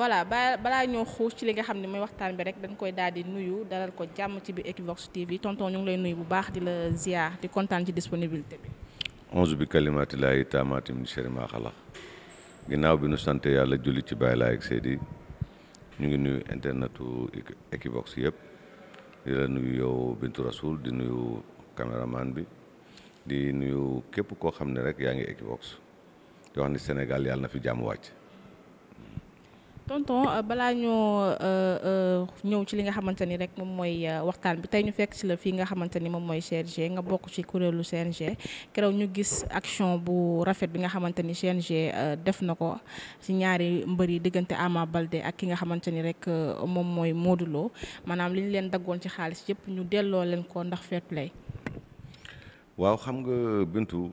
voilà ba balaa ñoo xuus ci li nga xam ne mooy waxtaan bi rek dañ koy daal di nuyu dalal ko jàmm ci bi Equivox TV tonton ñu ngi lay nuyu bu baax di la ziar di kontaan ci disponibilité bi. onze bi kalimaati laay taamaati min sharri ginnaaw bi nu sant yàlla julli ci bàyyi laay ak Seydi ñu ngi nuyu internetu Equivox yëpp di la nuyu yow Bintu Rasoul di nuyu caméraman bi di nuyu képp koo xam ne rek yaa ngi Equivox di wax ni Sénégal yàlla na fi jàmm tonton euh, balaa ñoo euh, euh, ñëw ci li nga xamante ni rek moom mooy waxtaan bi tey ñu fekk ci la fii nga xamante ni moom mooy CNG nga bokk ci kuréelu CNG keroog ñu gis action bu rafet bi nga xamante ni CNG def na ko ci ñaari mbër yi diggante Ama balde ak ki nga xamante ni rek moom mooy Modou maanaam li ñu leen daggoon ci xaalis yëpp ñu delloo leen ko ndax fair play waaw xam nga Bintu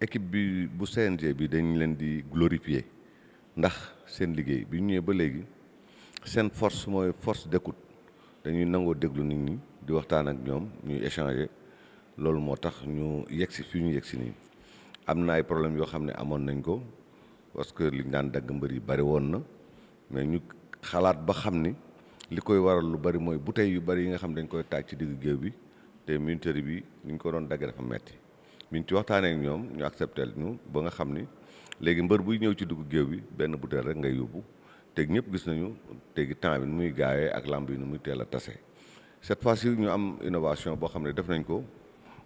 équipe bi bu CNG bi dañ leen di glorifier ndax seen liggéey bi ñu ñëwee ba léegi seen force mooy force d'écoute dañuy nangoo déglu nit ñi di waxtaan ak ñoom ñuy échanger loolu moo tax ñu yegsi fii ñu yegsi nii am na ay problème yoo xam ne amoon nañ ko parce que li ñu daan dagg mbër yi bari woon na mais ñu xalaat ba xam ni li koy waral lu bari mooy bouteilles yu bari yi nga xam dañ koy taaj ci digg géew bi te militaire bi ñu ko doon daggee dafa metti biñ ci waxtaanee ñoom ñu accepté ñu ba nga xam ni. léegi mbër buy ñëw ci dugg géew bi benn butéel rek ngay yóbbu teg ñëpp gis nañu tegi temps bi nu muy gaawee ak lamb yi nu muy teel a tase cette fois si ñu am innovation boo xam ne def nañ ko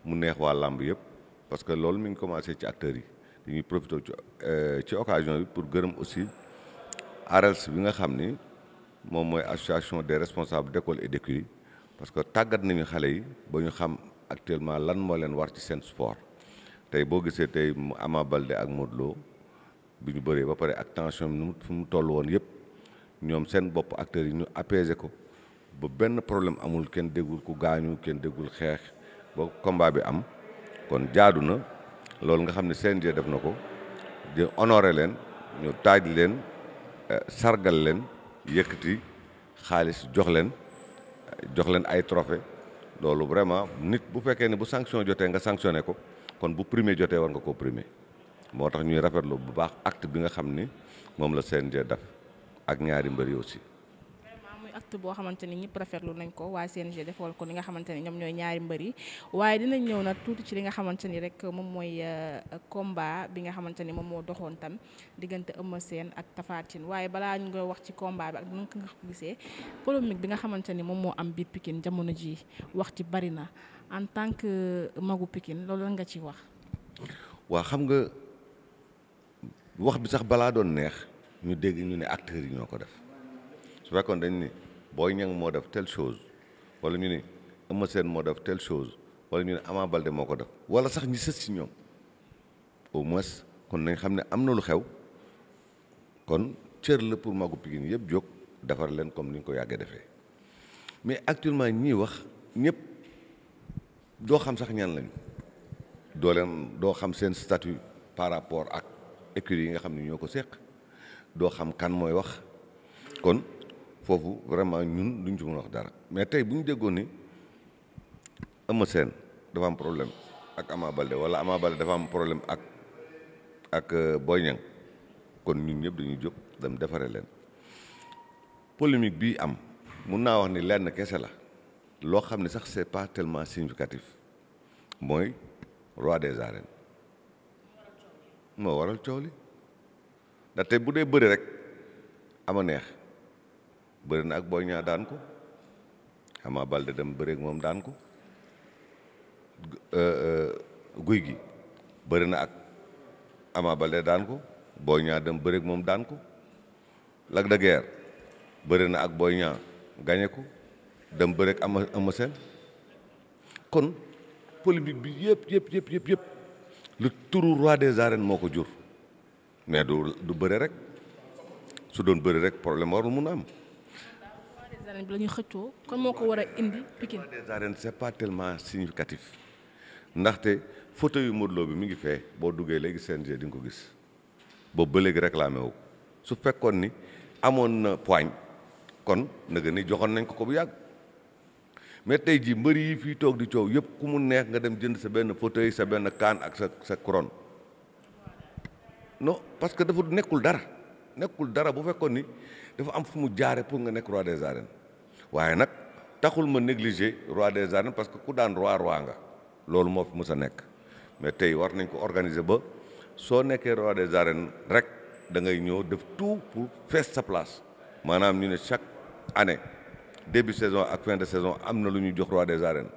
mu neex waa lamb yëpp parce que loolu mi ngi commencé ci acteurs yi dañuy profité ci euh, ci occasion bi pour gërëm aussi ARELS bi nga xam ni moom mooy association des responsables d'école et d'écurie parce que tàggat nañu xale yi ba ñu xam actuellement lan moo leen war ci seen sport tey boo gisee tey Ama Baldé ak Modou bi ñu bëree ba pare ak tension bi nu mu fu mu toll woon yëpp ñoom seen bopp acteurs yi ñu apaiser ko ba benn problème amul kenn déggul ku gaañu kenn déggul xeex ba combat bi am kon jaadu na loolu nga xam ni seen CNG def na ko di honoré leen ñu taaj leen euh, sargal leen yëkkati xaalis jox leen jox leen ay trophée loolu vraiment nit bu fekkee ne bu sanction jotee nga sanctionné ko kon bu primé jotee war nga koo primé moo tax ñuy lu bu baax acte bi nga xam ni moom la CNG def ak ñaari mbër yi aussi. acte boo xamante ni ñëpp rafetlu nañ ko waa CNG defal ko li nga xamante ni ñoom ñooy ñaari mbër yi waaye dinañ ñëw nag tuuti ci li nga xamante ni rek moom mooy euh, combat bi nga xamante ni moom moo doxoon tam diggante Eumeu seen ak tafaatin waaye balaa ñu koy wax ci combat bi ak naka nga gisee polémique bi nga xamante ni moom moo am biir Pikine jamono ji wax ci bari na en tant que magu pikin loolu la nga ci wax. waa xam nga wax bi sax balaa doon neex ñu dégg ñu ne acteurs yi ñoo ko def su fekkoon dañ ni Boy Niang moo def telle chose wala ñu ni Eumeu Sène moo def telle chose wala ñu ne Ama Baldé moo ko def wala sax ñi sës ci ñoom au moins kon nañ xam ne am na lu xew kon cër la pour magu Pikine yëpp jóg defar leen comme ni ñu ko yàggee defee mais actuellement ñii wax ñëpp doo xam sax ñan lañu doo leen doo xam seen statut par rapport ak écuries yi nga xam ne ñoo ko seq doo xam kan mooy wax kon foofu vraiment ñun duñ ci mën a wax dara mais tey bu ñu déggoon ni Eumeu Sène dafa am problème ak Ama Baldé wala Ama Baldé dafa am problème ak ak euh, Boy kon ñun ñëpp dañuy jóg dam defaree leen polémique bii am mun naa wax ni lenn kese la loo xam ne sax c'est pas tellement significatif mooy roi des arènes moo waral coow li ndaxte bu dee bëri rek ama neex bëri na ak Boy Niang daan ko Ama Baldé dem bëreek moom daan ko euh, euh, guy gi bëri na ak Ama Baldé daan ko Boy dem bëreek moom daan ko Lac de na ak Boy Niang gañe ko dem bëreek ama ama seen kon polémique bi yëpp yëpp yëpp yëpp yëpp lu turu roi des arènes moo ko jur mais du du bëre rek su doon bëri rek problème warul mun am. roi des arènes bi la xëccoo kon moo ko war a indi Pikine. roi c'est pas tellement significatif ndaxte photo yu Modou bi mi ngi fee boo duggee léegi CNG di nga ko gis boobu ba léegi réclamé wu su fekkoon ni amoon na poigne kon nag ni joxoon nañ ko ko bu yàgg. mais tey jii mbër yi fii toog di coow yëpp ku mu neex nga dem jënd sa benn fauteuil sa benn kaan ak sa sa couronne non parce que dafa nekkul dara nekkul dara bu fekkoon ni dafa am fu mu jaare pour nga nekk roi des arènes waaye nag taxul ma négliger roi des arènes parce que ku daan roi roi nga loolu moo fi mës a nekk mais tey war nañ ko organiser ba soo nekkee roi des arènes rek da ngay ñëw def tout pour fees sa place maanaam ñu ne chaque année début saison ak fin de saison am na lu ñu jox roi des arènes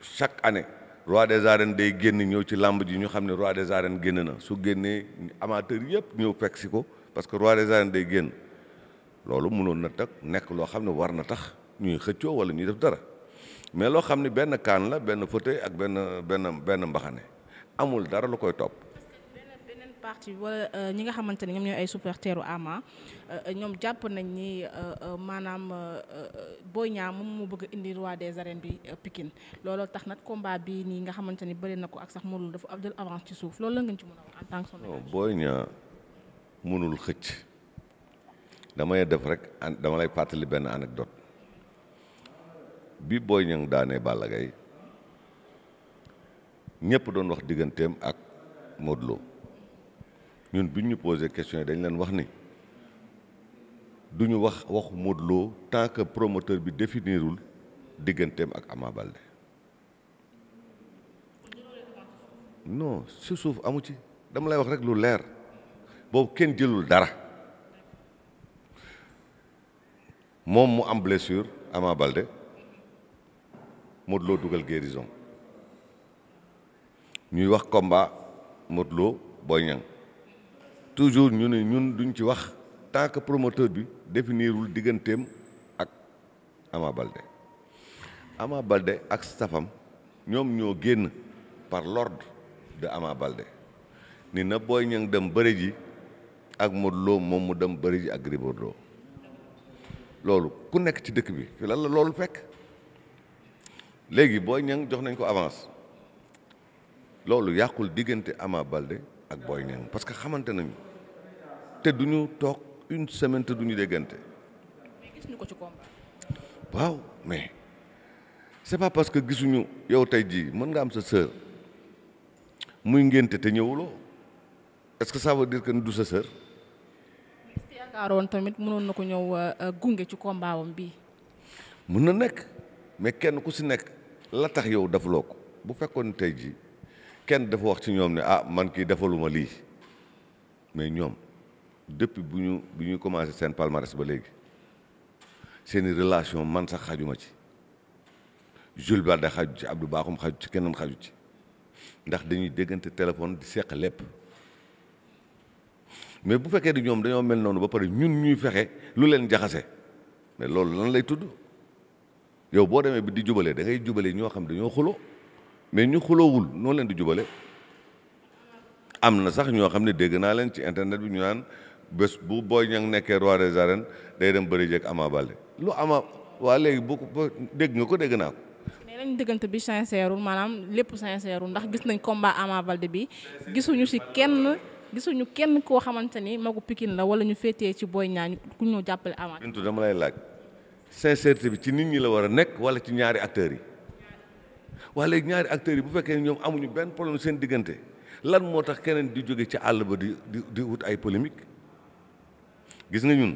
chaque année roi des arènes day génn ñëw ci làmb ji ñu xam ne roi des arènes génn na su génnee amateur yëpp ñëw fekk si ko parce que roi des arènes day génn loolu munoon na tag nekk loo xam ne war na tax ñuy xëccoo wala ñuy def dara mais loo xam ne benn kaan la benn fauteuil ak benn benn benn mbaxane amul dara lu koy topp parti wala euh, ñi nga xamante ne ñoom ñooy ay supporteru Ama euh, ñoom jàpp nañ ni euh, maanaam booy Niang moom moo bëgg indi roi des arènes bi Pikine looloo tax nag combat bii nii nga xamante ni bëri na ko ak sax Modou Lô dafa abdul avance ci suuf loolu la ngeen ci mën a wax en tant que son mënul xëcc damay def rek dama lay fàttali benn anecdote bi Boy Niang daanee Balla Gaye ñëpp doon wax digganteem ak Modou ñun bi ñu posé question yi dañ leen wax ni du ñu wax waxu Modou Lo tant que promoteur bi définirul digganteem ak Ama Baldé non si suuf amu ci dama lay wax rek lu leer boobu kenn jëlul dara moom mu am blessure Ama Baldé Modou dugal guérison ñuy wax combat Modou Lo Boy Niang toujours ñu ne ñun duñ ci wax tant que promoteur bi définirul digganteem ak Ama Baldé Ama Baldé ak stafam ñoom ñoo génn par l'ordre de Ama Baldé ni na booy Niang dem bëri ak Modou Lo moom mu dem bëri ji ak Gris loolu ku nekk ci dëkk bi fi lan la loolu fekk léegi booy Niang jox nañ ko avance loolu yàqul diggante Ama Baldé ak Boy Niang parce que xamante nañu te du ñu toog une semaine te du ñu déggante. gis ñu waaw mais c'est pas parce que gisuñu yow tey jii mën nga am sa sœur muy ngénte te ñëwuloo est-ce que ça veut dire que du sa sœur. mais yaakaaroon tamit mënoon na ko ñëw euh, euh, gunge ci combat bi bii. mën na nekk mais kenn ku si nekk la tax yow defuloo ko bu fekkoon tey jii kenn dafa wax ci ñoom ne ah man kii defaluma lii mais ñoom. depuis bu ñu bu ñu commencé seen palmarès ba léegi seeni relation man sax xajuma ci Jules Balde xaju ci Abdou Bakhoum xaju ci keneen xaju ci ndax dañuy déggante téléphone di seq lépp mais bu fekkee di ñoom dañoo mel noonu ba pare ñun ñuy fexe lu leen jaxase mais loolu lan lay tudd yow boo demee bi di jubalee da ngay jubalee ñoo xam dañoo xuloo mais ñu xuloowul noo leen di jubale am na sax ñoo xam ne dégg naa leen ci internet bi ñu naan bés bu Boy Niang nekkee roi des arènes day dem bëri jëkk Ama Baldé lu ama waa léegi bu ko dégg nga ko dégg naa ko. diggante bi sincère maanaam lépp sincère ndax gis nañ combat Ama Baldé bi gisuñu si kenn gisuñu kenn koo xamante ni magu Pikine la wala ñu féetee ci Boy Niang ku ñëw jàppale Ama. bintu dama lay laaj sincérité bi ci nit ñi la war a nekk wala ci ñaari acteurs yi waa léegi ñaari acteurs yi bu fekkee ñoom amuñu benn problème seen diggante lan moo tax keneen di jóge ci àll ba di di di wut ay polémique gis nga ñun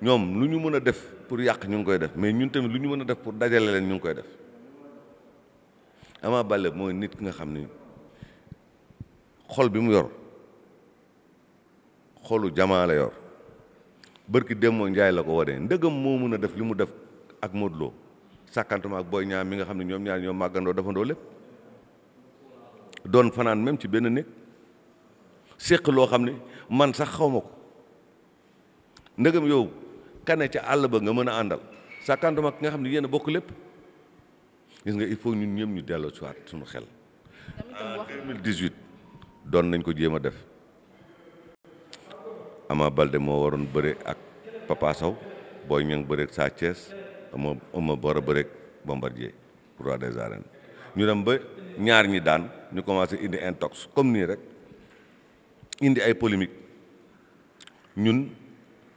ñoom lu ñu mën a def pour yàq ñu ngi koy def mais ñun tamit lu ñu mën a def pour dajale leen ñu ngi koy def Ama bale mooy nit ki nga xam ni xol bi mu yor xolu jamaa la yor bërki moo Njaay la ko wane ndëgam moo mun a def li mu def ak Modou Lo sàkkantuma ak Boy Niang mi nga xam ne ñoom ñaar ñoom màggandoo defandoo lépp doon fanaan même ci benn néeg séq loo xam ne man sax xawma ko ndëgam yow kane ca àll ba nga mën a àndal sàkkantuma ki nga xam ne yéen a bokk lépp gis nga il faut ñun ñëpp ñu delloo si waat suñu xel. en 2018 doon nañ ko jéem a def Ama Balde moo waroon bëre ak Papa Sow Boy Niang bëre ak Sa Thiès ama ama bor a bëre ak Bombardier roi des ñu dem ba ñaar ñi daan ñu commencé indi intox comme nii rek indi ay polémique ñun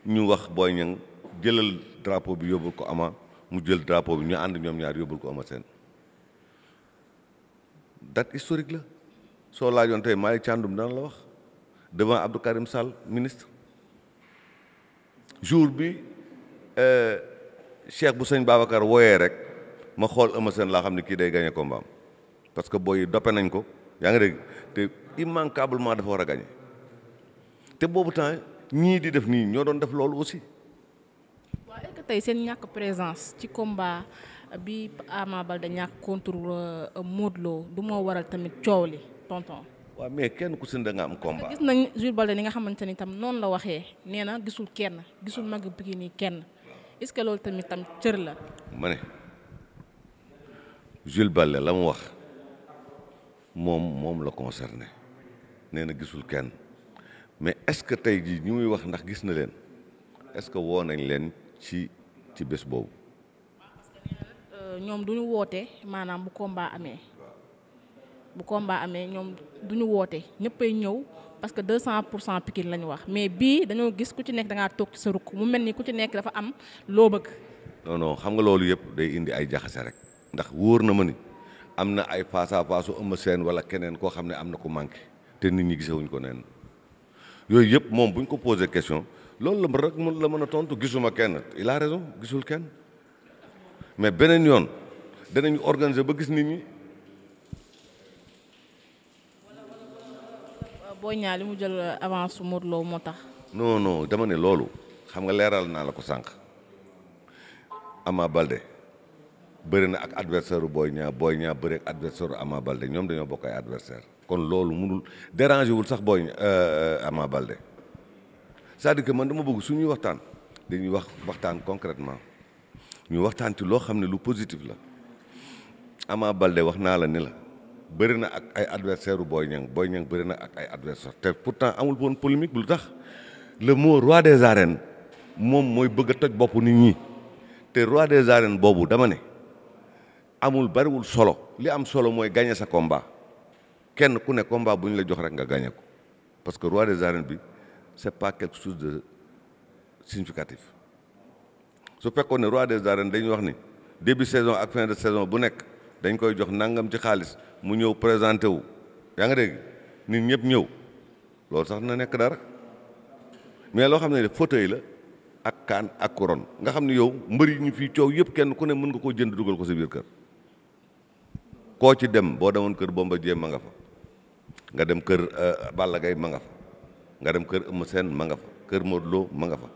ñu wax Boy Niang jëlal drapeau bi yóbbul ko ama mu jël drapeau bi ñu ànd ñoom ñaar yóbbul ko ama seen date la soo laajoon tey Malick Thiandoum dana la wax devant Abdou Karim Sall ministre jour bi euh, cheikh bu sëñ Babacar wooyee rek ma xool ama seen laa xam ne kii day gagné combat am parce que booy doppe nañ ko yaa ngi dégg te immanquablement dafa war a gagné te boobu temps ñii di def nii ñoo doon def loolu aussi. waaw est tey seen ñàkk présence ci combat bi Ama Baldé ñàkk contre euh, Modou du moo waral tamit coow li tonton. waa mais kenn ku si ne da nga am combat. gis nañ Jules Baldé ni nga xamante ni tam noonu la waxee nee na gisul kenn gisul mag bi nii kenn est-ce que loolu tamit tam cër la. ma ne Jules Baldé la mu wax moom moom la concerné nee na gisul kenn. mais est-ce que tey jii ñu muy wax ndax gis na leen est-ce que woo nañ leen ci ci bés boobu. ñoom du ñu woote maanaam bu combat amee bu combat amee ñoom du ñu woote ñëppay ñëw parce que 200 pour cent Pikine la wax mais bii dañoo gis ku ci nekk dangaa ngaa toog ci sa rukk mu mel ni ku ci nekk dafa am loo bëgg. non xam nga loolu yëpp day indi ay jaxase rek. ndax wóor na ma ni am na ay face à face su Eumeu wala keneen koo xam ne am na ko manqué te nit ñi gisewuñ ko neen yooyu yëpp moom bu ñu ko posé question loolu la rek mën la mën a tontu gisuma kenn il a raison gisul kenn mais beneen yoon danañu organiser ba gis nit ñi. Boy Niang li mu jël avance su Modou Lo moo tax. non non dama ne loolu xam nga leeral naa la ko sànq Ama Balde. bëri na ak adversaire booy ñaa booy ñaa bëri ak adversaire Ama Baldé ñoom dañoo bokk ay adversaire kon loolu munul déranger wul sax booy euh, Ama Baldé c'est-à-dire que man dama bëgg suñuy waxtaan dañuy wax waxtaan concrètement ñu waxtaan ci loo xam ne lu positif la amaa Baldé wax naa la ni la bëri na ak ay adversaire booy Boy Niang Boy Niang bëri na ak ay adversaire te pourtant amul woon polémique lu tax le mot roi des arènes moom mooy bëgg a toj bopp nit ñi te des arènes boobu dama ne amul bariwul solo li am solo mooy gagné sa combat kenn ku ne combat bu ñu la jox rek nga gagné ko parce que roi des arènes bi c'est pas quelque chose de significatif su fekkoon ne roi des arènes dañuy wax ni début saison ak fin de saison bu nekk dañ koy jox nangam ci xaalis mu ñëw présenté wu yaa nga dégg nit ñëpp ñëw loolu sax na nekk dara mais loo xam ne fauteuil la ak kaan ak couronne nga xam ni yow mbër yi ñu fii coow yëpp kenn ku ne mën nga koo jënd ko sa biir kër koo ci dem boo demoon kër Bombardier ma manga fa nga dem kër euh, Balla Gaye ma nga fa dem kër Eumeu Sène ma fa kër Modou Lo fa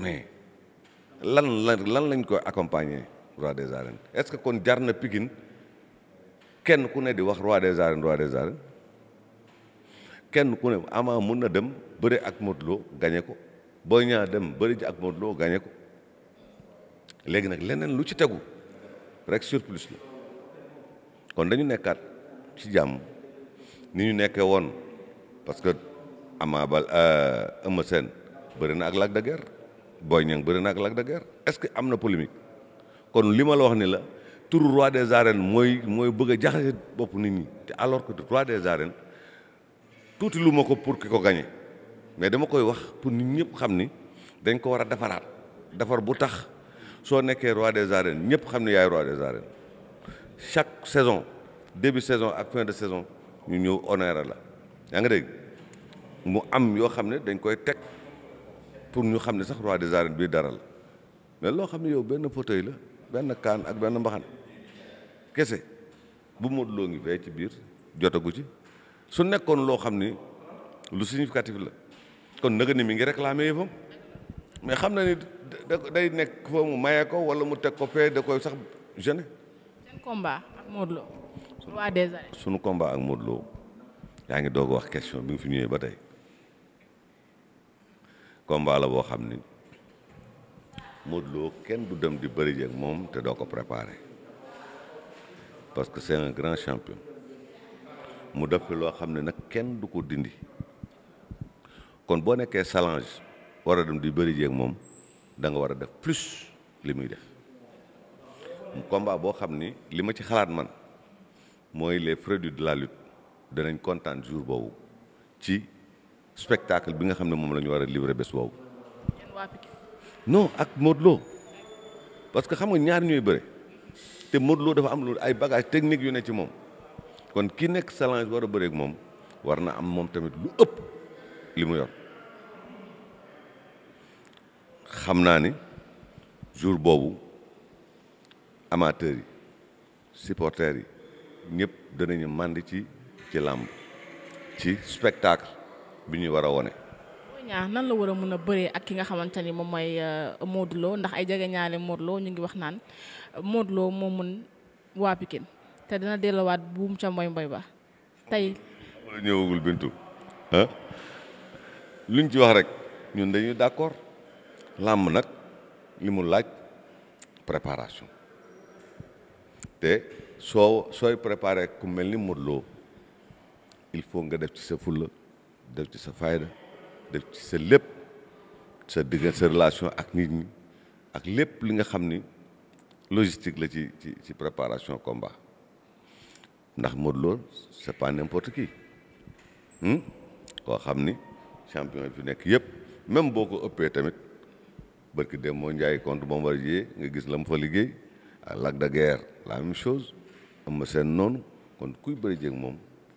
mais lan la lan lañ koy accompagner roi des arènes est-ce que kon jar na Pikine kenn ku ne di wax roi des arènes roi des arènes kenn ku ne Ama mun na dem bëri ak Modou Lo gañe ko Boy Niang dem bëri ji ak Modou Lo gañe ko léegi nag leneen lu ci tegu rek surplus la kon dañu nekkaat ci jàmm ni ñu nekkee woon parce que Ama Bal euh, Eumeu Sène bëri na ak Lac de Guiers Boy bëri na ak Lac est-ce que am na polémique kon li ma la wax ni la turu roi des arènes mooy mooy bëgg a jaxase bopp nit ñi te alors que roi des arènes tuuti lu ma ko pour ki ko gañe mais dama koy wax pour nit ñëpp xam ni dañ ko war a defaraat defar bu tax soo nekkee roi des arènes ñëpp xam ni yaay roi des arènes chaque saison début saison ak fin de saison ñu ñëw honorer la yaa ngi dégg mu am yoo xam ne dañ koy teg pour ñu xam ne sax roi de arènes bii dara la mais loo xam ne yow benn fauteuil la benn kaan ak benn mbaxan kese bu Modou Lo ngi fee ci biir jotagu ci su nekkoon loo xam ni lu significatif la kon naga ni mi ngi réclamer yëfam mais xam na ni day nekk fa mu maye ko wala mu teg ko fee da koy sax gêner combat ak Modou Lo. roi sunu combat ak Modou yaa ngi doo ko wax question bi nga fi ñëwee ba tey combat la boo xam ni Modou kenn du dem di bëri jeeg moom te doo ko préparé parce que c'est un grand champion mu def fi loo xam ne nag kenn du ko dindi kon boo nekkee salange war a dem di bëri jeeg moom da nga war a def plus li muy def. combat boo xam ni li ma ci xalaat man mooy les produits de la lutte danañ kontaan jour boobu ci spectacle bi nga xam ne moom la ñu war a livrer bés boobu. non ak Modou parce que xam nga ñaar ñooy bëre te Modou dafa am lu ay bagages techniques yu ne ci moom kon kii nekk challenge war a bëre moom war na am moom tamit lu ëpp li mu yor xam naa ni jour boobu. amateurs yi supporters yi ñëpp danañu mànd ci ci làmb ci spectacle bi ñuy war a wone ñaa nan la war a mën a bëree ak ki nga xamante ni moom mooy euh, Modou Lo ndax ay jege ñaale Modou ñu ngi wax naan Modou Lo moo mën waa Pikine te dina delluwaat buum ca mboy mboy ba tey ñëwagul bintu ah? luñ ci wax rek ñun dañuy d'accord làmb nag li mu laaj préparation te soo sooy préparé ku mel ni Modou il faut nga def ci sa fulla def ci sa fayda def ci sa lépp sa diggante sa relation ak nit ñi ak lépp li nga xam ni logistique la ci ci ci préparation combat ndax Modou Lo c'est pas n'importe qui hmm? koo xam ni champion fi nekk yëpp même boo ko ëppee tamit barki dem moo njaay compte ba mu war a nga gis la mu fa liggéey ak Lac de Guiers la même chose am ma seen noonu kon kuy bëri jéeg moom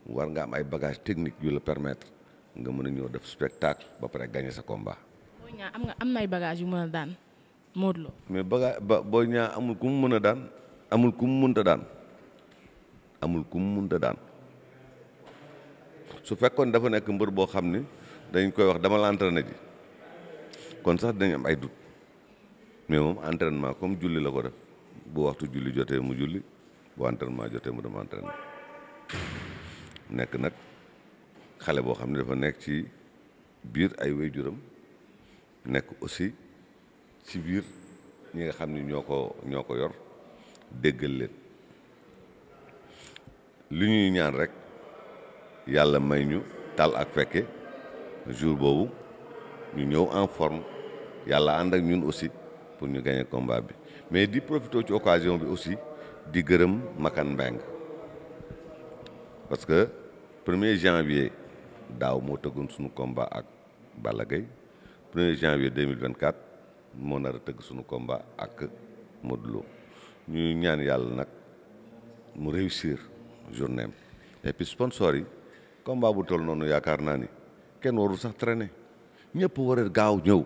war nga am ay bagage technique yu la permettre nga mën a ñëw def spectacle ba pare gagner sa combat. booy ñaa am nga am na ay bagages yu mën a daan Modou Lo. mais baga ba booy ñaa amul ku mën a daan amul ku mu mënta daan amul ku mu mënta daan su fekkoon dafa nekk mbër boo xam ni dañ koy wax dama la na ji kon sax dañ am ay doute mais moom entraînement comme julli la ko def. boo waxtu julli jotee mu julli bu entraînement jotee mu dem entraîné nekk nag xale boo xam ne dafa nekk ci biir ay waajuram nekk aussi ci biir ñi nga xam ni ñoo ko ñoo ko yor déggal leen li ñuy ñaan rek yàlla may ñu tal ak fekke jour boobu ñu ñëw en forme yàlla ànd ak ñun aussi pour ñu gagner combat bi mais di profité ci occasion bi aussi di gërëm Makan Mbeng parce que premier janvier daaw moo tëggoon suñu combat ak Balla Gaye premier janvier 2024 moo nar a tëgg suñu combat ak Modou Lo ñu ñaan yàlla nag mu réussir journée et puis sponsor yi combat bu toll noonu yaakaar naa ni kenn warul sax traîner ñëpp war gaaw ñëw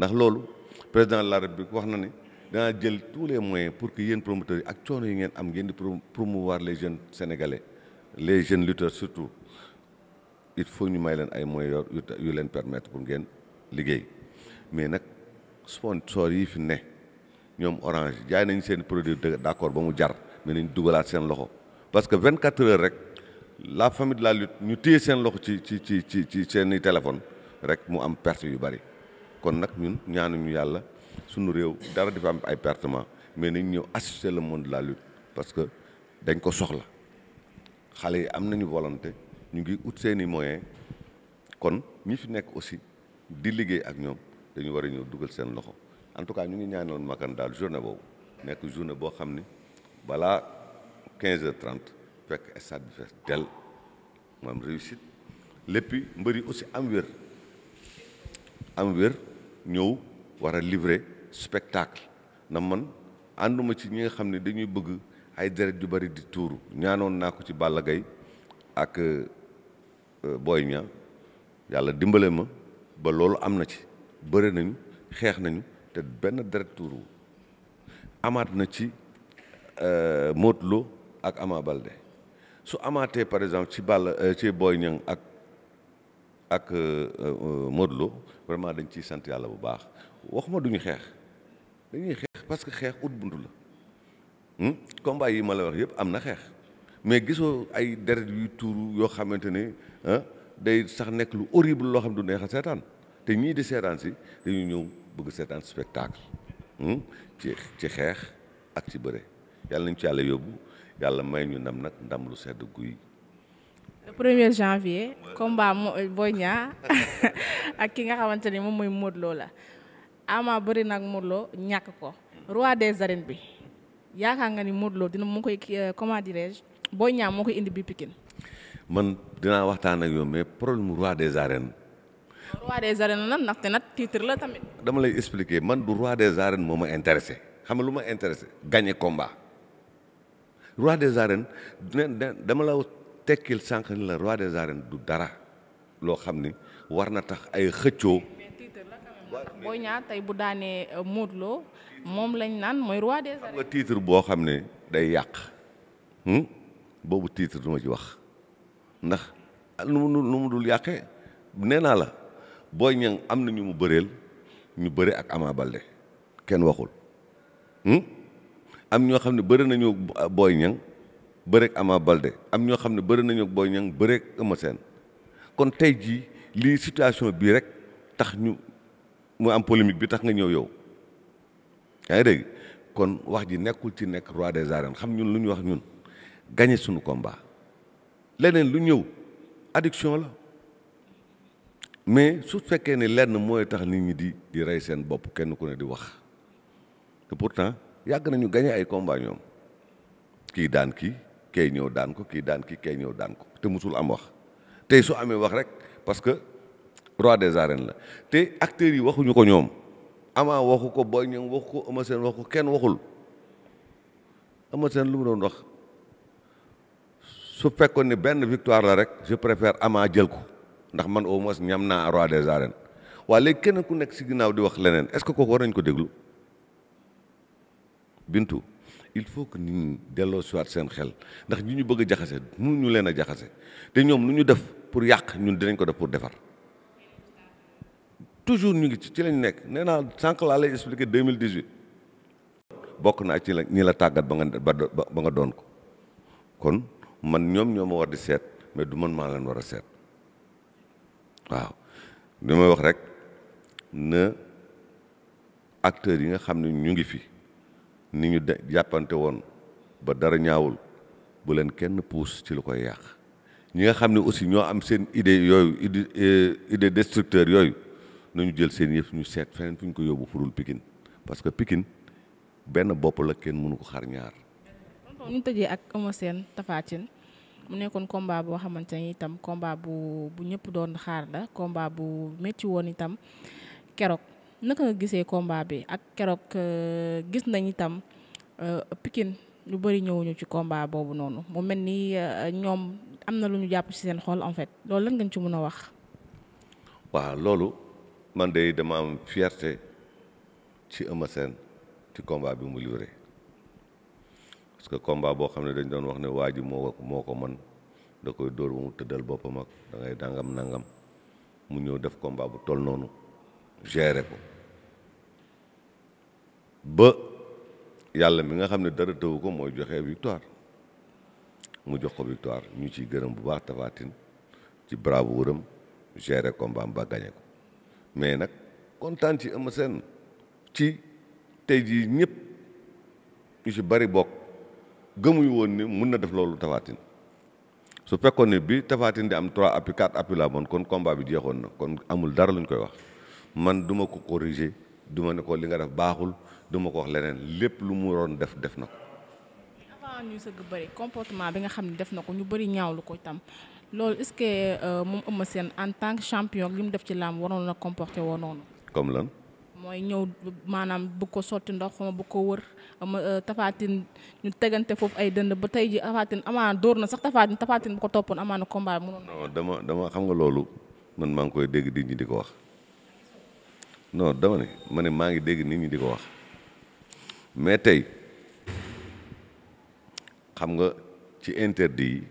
ndax loolu président de bi wax na ni danaa jël tous les moyens pour que yéen promoteurs yi ak coono yi ngeen am ngeen di promouvoir les jeunes sénégalais les jeunes lutteurs surtout il faut ñu may leen ay moyens yu leen permettre pour ngeen liggéey mais nag sponsor yi fi ne ñoom orange jaay nañ seen produit d'accord ba mu jar mais nañ dugalaat seen loxo parce que vingt quatre heures rek la famille de la lutte ñu téye seen loxo ci ci ci ci ci seen i téléphone rek mu am perte yu bari kon nag ñun ñaanuñu yàlla. suñu réew dara di fa am ay pertement mais nañ ñëw assister le monde de la lutte parce que dañ ko soxla xale yi am nañu volonté ñu ngi ut seeni moyen kon ñi fi nekk aussi di liggéey ak ñoom dañu war a ñëw dugal seen loxo en tout cas ñu ngi ñaanal Makan daal journée boobu nekk journée boo xam ni balaa quinze heures 30 fekk stade bi fees dell mu am réussite léppi mbër yi aussi am wér am wér ñëw war a livrer spectacle na man ànduma ci ñi nga xam ne dañuy bëgg ay deret yu bari di tuuru ñaanoon naa ko ci Balla Gaye ak euh, Boy Niang yàlla dimbale ma ba loolu am na ci bëre nañu xeex nañu te benn deret tuuru amaat na ci euh, Modou Lo ak Ama Baldé su amaatee par exemple ci Balla euh, ci Boy Niang ak ak Modou Lo vraiment dañ ciy sant yàlla bu baax waxuma duñu xeex dañuy xeex parce que xeex ut buntu la hmm? combat yi ma la wax yëpp am na xeex mais gisoo ay deret yu tuuru yoo xamante ne day sax nekk lu horrible loo xam du neex a seetaan te ñii di seetaan si dañu ñëw bëgg seetaan spectacle hmm? ci xeex ak ci bëre yàlla nañu ci yàlla yóbbu yàlla may ñu ndam nag ndam lu sedd guy. le premier janvier combat Boy Niang ak ki nga xamante ni moom mooy Modou la. Ama bëri nag Modou ñàkk ko roi des arènes bi yaakaar nga ni Modou Lo dina mu koy euh, comment dirais-je Boy Niang moo koy indi bi Pikine man dinaa waxtaan ak yow mais problème roi des arènes roi des arènes la ndaxte nag titre la tamit. dama lay expliquer man du roi des arènes moo ma intéressé xam nga lu ma intéressé gagner combat roi des arènes dama la tekkil sànq ni la des arènes du dara loo xam ni war na tax ay xëccoo. Boy Niang tey bu daanee euh, Modou Lo moom lañ naan mooy roi des arènes. boo xam ne day yàq hmm? boobu titre duma ci wax ndax nu mu nu mu dul yàqee nee la Boy Niang am na ñu mu bëreel ñu bëri ak Ama Baldé kenn waxul hmm? am ñoo xam ne bëri nañu Boy Niang bëreeg Ama Baldé am ñoo xam ne bëri nañu Boy Niang bëreeg Eumeu Sène kon tey jii lii situation bii rek tax mu am polémique bi tax nga ñëw yow yaa ngi dégg kon wax ji nekkul ci nekk roi des arènes xam ñun lu ñu wax ñun gañe suñu combat leneen lu ñëw addiction la mais su fekkee ne lenn mooy tax nit ñi di di rey seen bopp kenn ku ne di wax te pourtant yàgg nañu gagné ay combat ñoom kii daan ki kay ñëw daan ko kii daan ki kay ñëw daan ko te musul am wax tey su amee wax rek roi des arènes la te acteurs yi waxuñu ko ñoom Ama waxu ko Boy Niang waxu ko Eumeu Sène waxu kenn waxul Eumeu Sène lu doon wax su fekkoon ni benn victoire la rek je préfère Ama jël ko ndax man au moins ñam naa roi des arènes waa léegi kenn ku nekk si ginnaaw di wax leneen est-ce que kooku war nañ ko déglu Bintu il faut que nit ñi delloo siwaat seen xel ndax ñi ñu bëgg a jaxase ñu leen a jaxase te ñoom nu ñu def pour yàq ñun dinañ ko def pour defar toujours ñu ngi ci ci lañ nekk nee naa sànq laa lay expliqué 2018 bokk naa ci la ñi la tàggat ba nga ba nga doon ko kon man ñoom ñoo ma war di seet mais du man maa leen war a seet waaw li may wax rek na acteurs yi nga xam ne ñu ngi fi ni ñu de jàppante woon ba dara ñaawul bu leen kenn puus ci lu koy yàq ñi nga xam ne aussi ñoo am seen idée yooyu idée euh, idée destructeur yooyu nañu jël seen yëf ñu seet feneen fu ñu ko yóbbu furul pikin parce que Pikine benn bopp la kenn mënu ko xar ñaar. tonton ñu tëjee ak Eumeu Sène mu nekkoon combat boo xamante ni itam combat bu bu ñëpp doon xaar la komba bu métti woon itam keroog naka nga gisee combat bi ak keroog euh, gis nañ itam euh, Pikine lu bëri ñëwuñu ci combat boobu noonu mu mel ni euh, ñoom am na lu ñu jàpp ci seen xool en fait loolu lan nga ci mën a wax. waaw loolu. man de dama am fierté ci Eumeu Sène ci combat bi mu livré parce que combat boo xam ne dañ doon wax ne waa ji moo moo ko man da koy dóor ba mu tëddal boppam ak da ngay dàngam nangam mu ñëw def combat bu toll noonu géré ko ba yàlla mi nga xam ne dara tëwu ko mooy joxe victoire mu jox ko victoire ñu ciy gërëm bu baax Tapha Tine ci bravo wuram géré combat ba gagné ko mais nag kontaan ci Eumeu Sène ci tey jii ñëpp ñu ci bari bokk gëmuñu woon ni mun na def loolu tafaatin su fekkoon ne bi tafaatin di am trois appui quatre appui la kon combat bi jeexoon na kon amul dara luñ koy wax man duma ko corriger duma ne ko li nga def baaxul duma ko wax leneen lépp lu mu roon def def na ko. avant ñu sëgg bëri comportement bi nga xam ne def na ko ñu bari ñaaw ñaawlu ko tam. loolu est-ce que euh, moom Eumeu seen en tant que champion li mu def ci làmb wanoon na comporté woo noonu. comme lan. mooy ñëw maanaam bugg ko sotti ndox ma bëgg ko wër ma euh, tafaatin ñu tegante foofu ay dënd ba tey ji tafaatin amaana dóor na sax tafaatin tafaatin bu ko toppoon amaana combat bi mënoon. non dama xam nga loolu man maa ngi koy dégg nit ñi di ko wax non dama ne ma ne maa ngi dégg nit ñi di ko wax mais tey xam nga ci interdit yi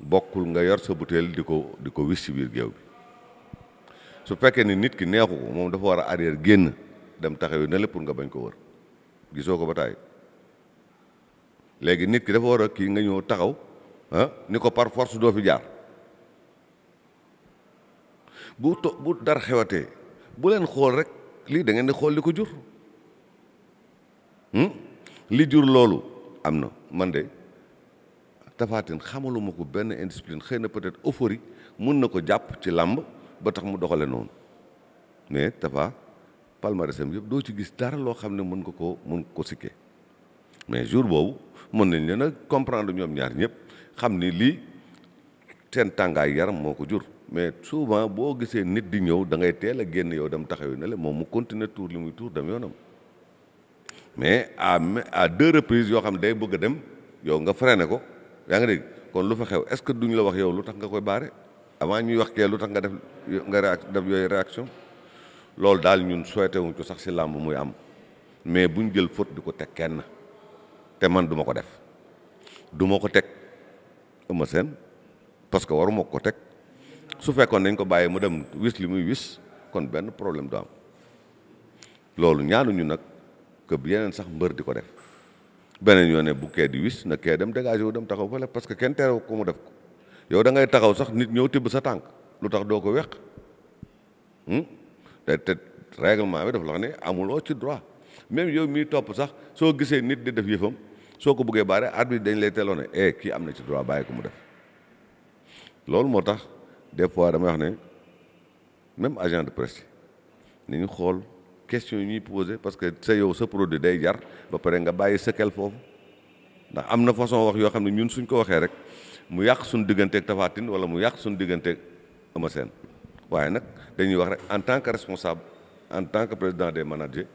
bokkul nga yor sa butéel di ko di ko wis ci biir géew bi su fekkee ni nit ki neexu ko moom dafa war a arrière génn dem taxaw ne lépp pour nga bañ ko wër gisoo ko ba taay léegi nit ki dafa war a kii nga ñëw taxaw ah ni ko par force doo fi jaar bu to bu dara xewatee bu leen xool rek lii da ngeen di xool li ko jur hmm? li jur loolu am na man de Tapha Tine xamaluma ko benn indiscipline xëy na peut-être euphorie mën na ko jàpp ci làmb ba tax mu doxale noonu mais Tapha palmarèsam yëpp doo ci gis dara loo xam ne mun nga ko mën ko sikkee mais jour boobu mën nañ leen a comprendre ñoom ñaar ñëpp xam ni lii seen tàngaay yaram moo ko jur mais souvent boo gisee nit di ñëw da ngay teel a génn yow dem taxawu na la moom mu continuer tour li muy tour dem yoonam mais à à deux reprises yoo xam ne day bëgg a dem yow nga freiné ko yaa ngi dégg kon lu fa xew est-ce que duñ la wax yow lu tax nga koy baare avant ñuy wax kee lu tax nga def nga def yooyu réaction loolu daal ñun souhaité wuñ ko sax si làmb muy am mais buñ jël faute di ko teg kenn te man duma ko def duma ko teg Eumeu Sène parce que waruma ko teg su fekkoon dañ ko bàyyi mu dem wis li muy wis kon benn problème du am loolu ñaanuñu nag que yeneen sax mbër di ko def beneen yoon ne bu kee di wis na kee dem dégagé wu dem taxaw fële parce que kenn terew ko mu def ko yow da ngay taxaw sax nit ñëw tibb sa tànk lu tax doo ko weq hmm? te te règlement bi dafa la ne amuloo ci droit même yow mii topp sax soo gisee nit di def yëfam soo ko bëggee baare arbitre dañ lay teeloo ne eh, kii am na ci droit bay ko mu def loolu moo tax des fois dama wax ne même agent de presse yi xool. question yi ñuy posé parce que sa yow sa produit day jar ba pare nga bàyyi sëkkal foofu ndax am na façon wax yoo xam ne ñun suñ ko waxee rek mu yàq suñ digganteeg Tapha Tine wala mu yàq suñ digganteeg Eumeu Sène waaye nag dañuy wax rek en tant que responsable en tant que président des managers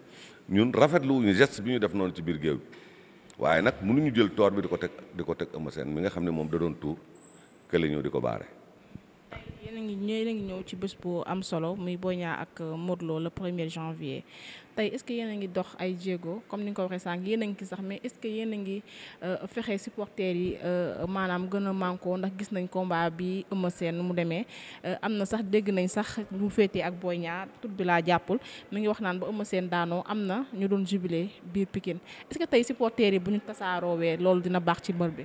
ñun rafetlu ñu geste bi ñu def noonu ci biir géew bi waaye nu ñu jël toor bi di ko teg di ko teg Eumeu Sène mi nga xam ne moom da doon tuur kële ñëw di ko baare ngi ñooy la ngi ñëw ci bés bu am solo muy Boy Niang ak Modou Lo première premier janvier tey est-ce que yéen a ngi dox ay jéego comme ni nga ko waxee sànq yéen a ngi ci sax mais est-ce que ngi euh, fexe supporters yi euh, maanaam gën a mànkoo ndax gis nañ combat bi Eumeu seen mu demee euh, am na sax dégg nañ sax mu féetee ak booy ñaar tur bi laa jàppul mu ngi wax naan ba Eumeu Sène daanoo am na ñu doon jubilé biir Pikine est que tey supporters yi bu ñu tasaaroowee loolu dina baax ci mbër bi.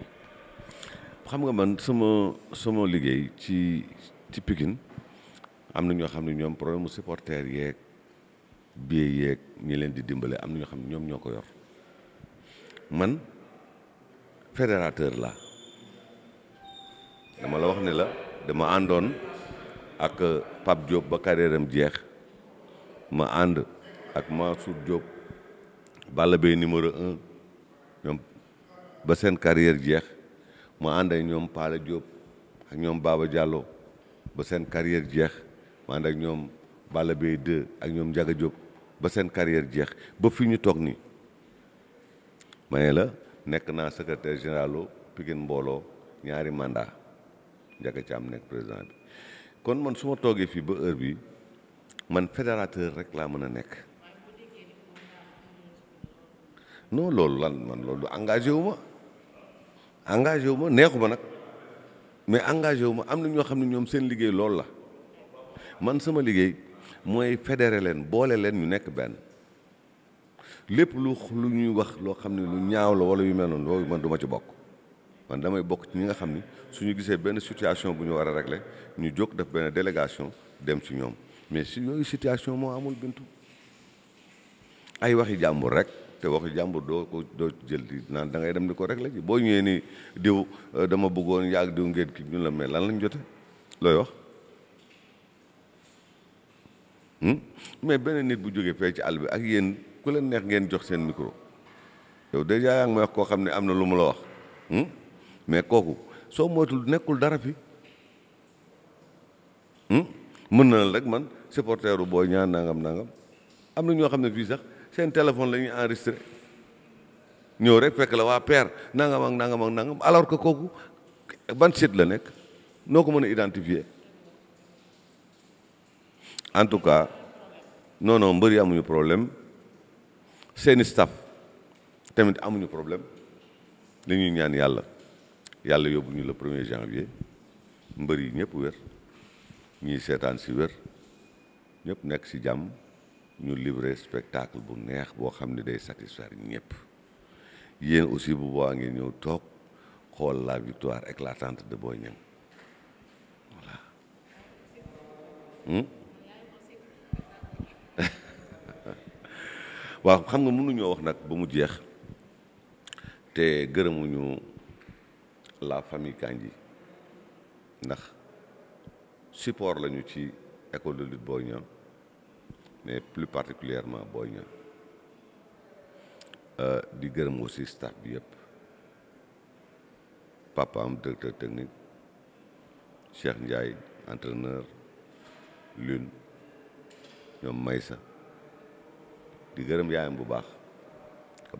nga man sama sama liggéey ci ci Pikine am na ñoo xam ne ñoom problème mu supporter yeeg bii yeeg ñi leen di dimbale am na ñoo xam ne ñoom ñoo ko yor man fédérateur la dama la wax ni la dama àndoon ak Pape Diop ba carrière jeex ma ànd ak Mansour Diop Balla Beye numéro un ñoom ba seen carrière jeex ma ànd ak ñoom Paala Diop ak ñoom Baba Diallo ba seen carrière jeex ma ànd ak ñoom Balla Beye 2 ak ñoom Ndiaga Diop ba seen carrière jeex ba fi ñu toog nii ma la nekk naa secrétaire général Pikine mbooloo ñaari mandat Ndiaga Thiam nekk président bi kon man su toogee fii ba heure bi man fédérateur rek laa mën a nekk non loolu lan man loolu engagé wu ma engagé wu ma neexu ma nag mais engagé wu ma am na ñoo xam ne ñoom seen liggéey loolu la man sama liggéey mooy fédéré leen boole leen ñu nekk benn lépp lu lu ñuy wax loo xam ne lu ñaaw la wala yu mel noonu loolu man duma ci bokk man damay bokk ci ñi nga xam ni suñu gisee benn situation bu ñu war a régler ñu jóg def benn délégation dem ci ñoom mais si yooyu situation moo amul bintu ay waxi jàmbur rek te waxu jàmbur doo ko doo jël di naan da ngay dem di ko régler ji boo ñëwee nii diw euh, dama bëggoon yaa ak diw ngeen ki ñun la mais lan lañ jote looy wax hmm? mais benn nit bu jógee fee ci àll bi ak yéen ku leen neex ngeen jox seen micro yow dèjà yaa ngi wax koo xam ne am na lu mu la wax hmm? mais kooku soo moytul nekkul dara fi hmm? mën na rek man supporteru booy ñaan nangam nangam am na ñoo xam ne fii sax seen téléphone lañuy en enregistré ñëw rek fekk la waa père nangam ak nangam ak nangam alors que kooku ban site la nekk noo ko mën a identifier en tout cas non non amuñu problème seeni staff tamit amuñu problème li ñaan yàlla yàlla yóbbu ñu le premier janvier mbër yi ñëpp wér ñiy seetaan si wér ñëpp nekk si jàmm ñu livrer spectacle bu neex boo xam ne day satisfaire ñëpp yéen aussi bu boobaa ngeen ñëw toog xool la victoire éclatante de Boy Niang voilà. Hmm? waaw xam nga mënuñoo wax nag ba mu jeex te gërëmuñu la famille Kandji ndax support lañu ci école de lutte Boy Niang mais plus particulièrement Boy Niang euh, di gërëm aussi staff bi yëpp papaam directeur technique Cheikh Ndiaye entraîneur lune ñoom Maysa di gërëm yaayam bu baax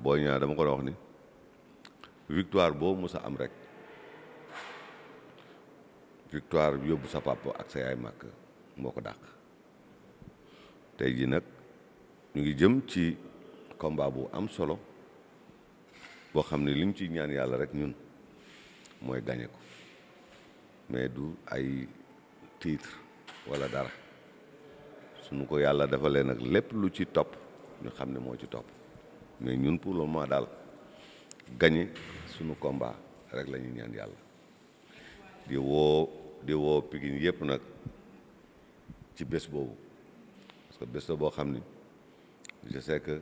booy Niang dama ko doon wax ni victoire boo mës a am rek victoire yóbbu sa papa ak sa yaay màkk moo ko dàq tey jii nag ñu ngi jëm ci combat bu am solo boo xam ne li ñu ciy ñaan yàlla rek ñun mooy gañe ko mais du ay tiit walla dara suñu ko yàlla defalee nag lépp lu ci topp ñu xam ne moo ci topp mais ñun pour le moment daal gañe sunu combat rek la ñaan yàlla di woo di woo Pikine yëpp nag ci bés boobu que bés la boo xam ni je sais que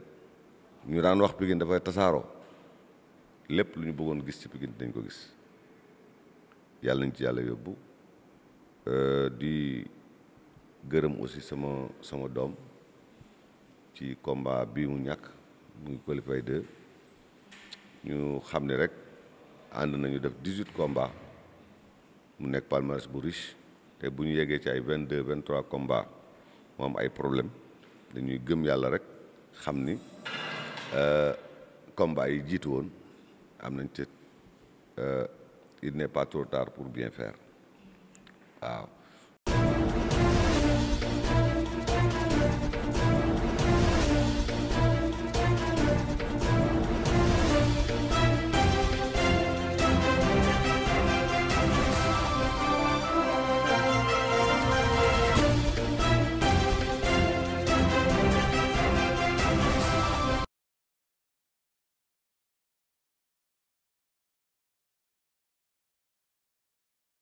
ñu daan wax Pikine dafay tasaaroo lépp lu ñu bëggoon gis ci Pikine dañ ko gis yàlla nañ ci yàlla yóbbu euh, di gërëm aussi sama sama doom ci combat bi mu ñàkk mu ngi qualifié deux ñu xam ne rek ànd nañu def dix-huit mu nekk palmarès bu riche te buñu yeggee ci ay vingt-deux vingt-trois combats moom ay problème dañuy gëm yàlla rek xam ni euh, combat yi jiitu woon am nañ te euh, il n'est pas trop tard pour bien faire waaw